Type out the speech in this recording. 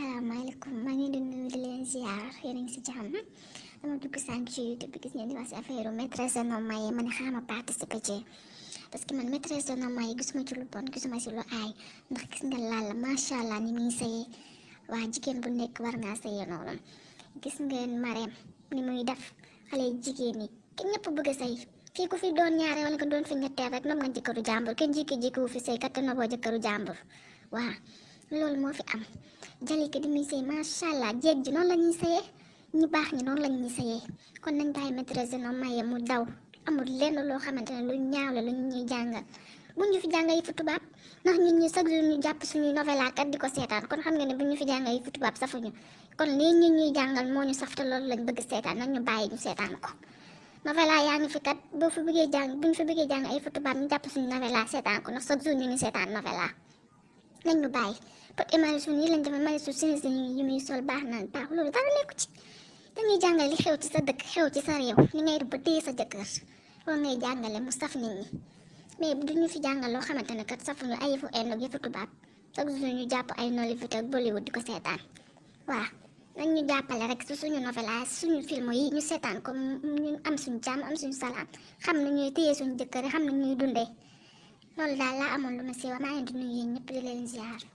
asalaamaaleykum maa ngi leen di nuyu di leen ziar a ngi si jàmm dama dugg sànq ci YouTube bi gis ngeen di wax si affaire maîtresse d'un homme marié man xaaral ma participer ci parce que man maîtresse d'un homme marié gisuma ci lu bon gisuma ci lu aay ndax gis nga Lalla macha allah ni muy sëyee waa jigéen bu nekk war ngaa sëyee noonu gis ngeen Marème ni muy def xale jigéen ñi kenn ñëpp bëgg a sëy fii ku fi doon ñaare wala ko doon fi ñetteel rek noom nga jëkkëru jàmbur kenn jékki-jékki wu fi sëy kattanoo boo jëkkëru jàmbur waaw. loolu moo fi am jalika di muy sëy macha allah jéeg ji noonu la ñuy ñu baax ñi noonu la ñuy sëyee kon nañ bàyyi maîtresse no maye mu daw loo xamante ne la ñuy jàngal bu ñu fi jàngal yi fu tubaab ndax ñun ñi chaque jour ñu jàpp suñuy novela kat di ko seetaan moo ñu safta loolu lañ yaa ngi fi kat boo fi bëggee jàng bu ñu fi bëggee jàng ay fu tubaab ñu jàpp suñu novela seetaan ko ndax chaque ñu seetaan novela nañ ñu bàyyi pour émission yi lañ defal marisu sinisi yu muy sol baax naan baax loolu dara nekku ci dañuy jàngale li xew ci sa dëkk xew ci sa réew ni ngay def ba téye sa jëkkër loolu ngay jàngale mu saf nit loo xamante ne kat safuñu ay yëfu enn ak yëfu tubaab chaque ñu jàpp ay Nollywood ak Bollywood di ko seetaan waaw nañ ñu jàppale rek su suñu novela suñu film yi ñu seetaan comme ñu am suñu jàmm am suñu salaam xam na ñuy suñu jëkkër xam na ñuy dundee loolu daal laa amoon lu ma siiwa maa ngi leen di nuyu yéen ñëpp